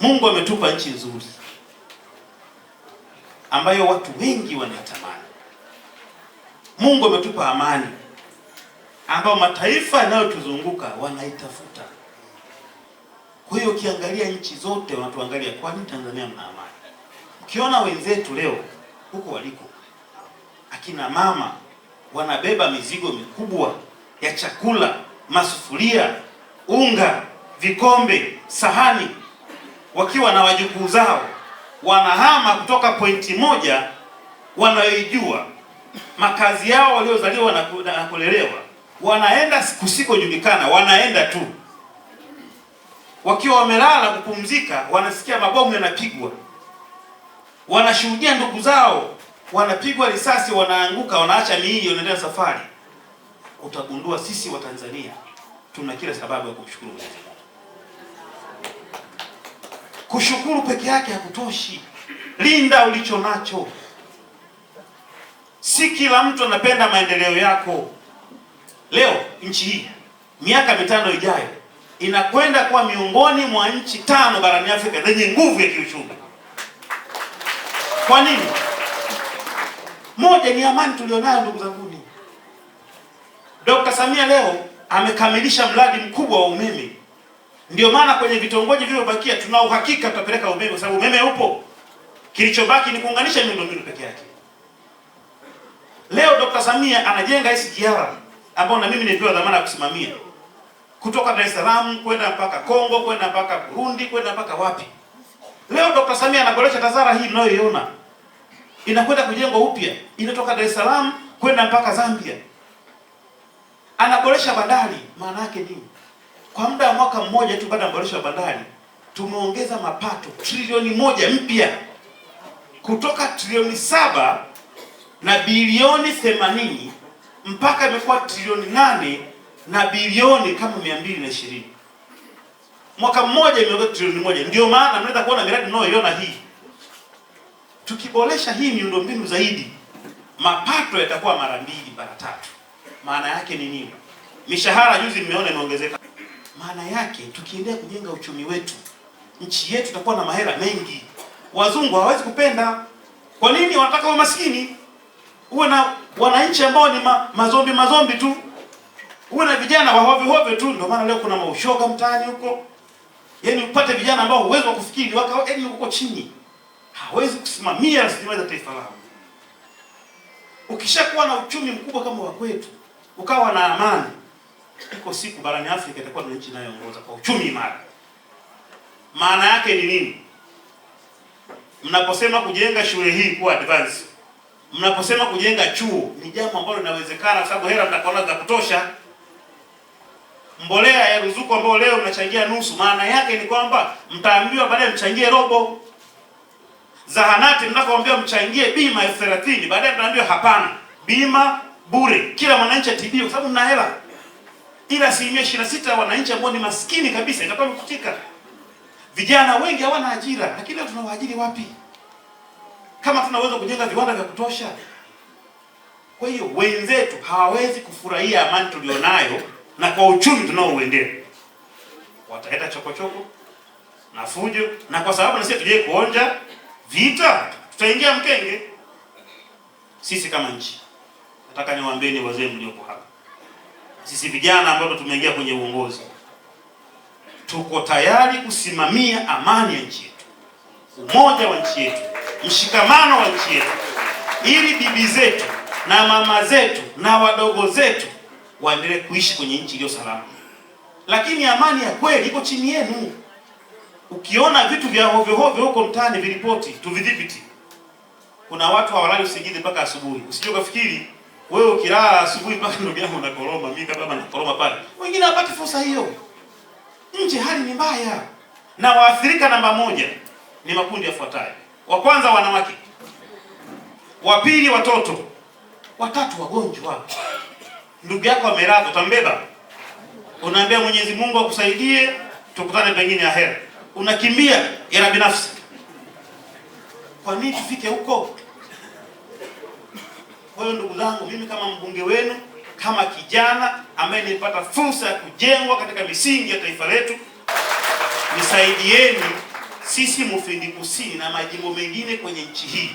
Mungu ametupa nchi nzuri ambayo watu wengi wanatamani. Mungu ametupa amani ambayo mataifa yanayotuzunguka wanaitafuta. Kwa hiyo ukiangalia nchi zote wanatuangalia, kwa nini Tanzania mna amani? Ukiona wenzetu leo huko waliko, akina mama wanabeba mizigo mikubwa ya chakula, masufuria, unga, vikombe, sahani wakiwa na wajukuu zao wanahama kutoka pointi moja wanayoijua makazi yao waliozaliwa na kulelewa, wanaenda kusikojulikana, wanaenda tu wakiwa wamelala kupumzika, wanasikia mabomu yanapigwa, wanashuhudia ndugu zao wanapigwa risasi, wanaanguka, wanaacha miili, wanaendelea safari. Utagundua sisi Watanzania tuna kila sababu ya kumshukuru Mwenyezi Mungu. Kushukuru peke yake hakutoshi, linda ulicho nacho. Si kila mtu anapenda maendeleo yako. Leo nchi hii miaka mitano ijayo inakwenda kuwa miongoni mwa nchi tano barani Afrika zenye nguvu ya kiuchumi. Kwa nini? Moja ni amani tulionayo, ndugu zanguni. Dr. Samia leo amekamilisha mradi mkubwa wa umeme ndio maana kwenye vitongoji vilivyobakia tuna uhakika tutapeleka umeme, kwa sababu umeme upo. Kilichobaki ni kuunganisha miundombinu peke yake. Leo Dr. Samia anajenga SGR ambao na mimi nilipewa dhamana ya kusimamia kutoka Dar es Salaam kwenda mpaka Kongo kwenda mpaka Burundi kwenda mpaka wapi. Leo Dr. Samia anaboresha TAZARA hii mnayoiona inakwenda kujengwa upya, inatoka Dar es Salaam kwenda mpaka Zambia. Anaboresha bandari, maana yake nini? Kwa muda wa mwaka mmoja tu baada ya maboresho ya bandari tumeongeza mapato trilioni moja mpya kutoka trilioni saba na bilioni themanini mpaka imekuwa trilioni nane na bilioni kama mia mbili na ishirini mwaka mmoja imeongeza trilioni moja. Ndio maana mnaweza kuona miradi mnayoiona hii, tukiboresha hii miundombinu zaidi mapato yatakuwa mara mbili mara tatu. Maana yake ni nini? Mishahara juzi mmeona imeongezeka. Maana yake tukiendelea kujenga uchumi wetu, nchi yetu itakuwa na mahera mengi. Wazungu hawawezi kupenda. Kwa nini? Wanataka umaskini, uwe na wananchi ambao ni ma, mazombi mazombi tu, uwe na vijana wa hovyo hovyo tu. Ndio maana leo kuna maushoga mtaani huko, yaani upate vijana ambao uwezo wa kufikiri waka yaani uko chini, hawezi kusimamia rasilimali za taifa lao. Ukishakuwa na uchumi mkubwa kama wa kwetu, ukawa na amani iko siku barani Afrika itakuwa ndio nchi inayoongoza kwa uchumi imara. Maana yake ni nini? Mnaposema kujenga shule hii kuwa advance, mnaposema kujenga chuo, ni jambo ambalo linawezekana, sababu hela mtakuwa za kutosha. Mbolea ya ruzuku ambayo leo mnachangia nusu, maana yake ni kwamba mtaambiwa baadaye mchangie robo. Zahanati mnakoambiwa mchangie bima elfu thelathini, baadaye mtaambiwa hapana, bima bure, kila mwananchi atibiwe kwa sababu mna hela ila asilimia ishirini na sita wananchi ambao ni maskini kabisa itakuwa imekutika. Vijana wengi hawana ajira, lakini tunawaajiri wapi kama tunaweza kujenga viwanda vya kutosha? Kwa hiyo wenzetu hawawezi kufurahia amani tulionayo na kwa uchumi tunaouendea, wataleta chokochoko na fujo, na kwa sababu na sisi tujai kuonja vita, tutaingia mkenge sisi kama nchi. Nataka niwaambieni wazee mlioko hapa sisi vijana ambao tumeingia kwenye uongozi tuko tayari kusimamia amani ya nchi yetu, umoja wa nchi yetu, mshikamano wa nchi yetu, ili bibi zetu na mama zetu na wadogo zetu waendelee kuishi kwenye nchi iliyo salama. Lakini amani ya kweli iko chini yenu. Ukiona vitu vya hovyo hovyo huko mtaani, viripoti, tuvidhibiti. Kuna watu hawalali usingizi mpaka asubuhi, usije ukafikiri wewe ukilala asubuhi mpaka ndugu yangu unakoroma, mimi kama baba nakoroma pale. Wengine hawapati fursa hiyo. Nje hali ni mbaya. Na waathirika namba moja ni makundi yafuatayo. Wa kwanza wanawake. Wa pili watoto. Watatu wagonjwa. Ndugu yako amelala, utambeba. Unaambia Mwenyezi Mungu akusaidie, tukutane pengine ahera. Unakimbia ya binafsi. Kwa nini tufike huko? Kwa hiyo ndugu zangu, mimi kama mbunge wenu, kama kijana ambaye nilipata fursa ya kujengwa katika misingi ya taifa letu, nisaidieni sisi Mufindi Kusini na majimbo mengine kwenye nchi hii.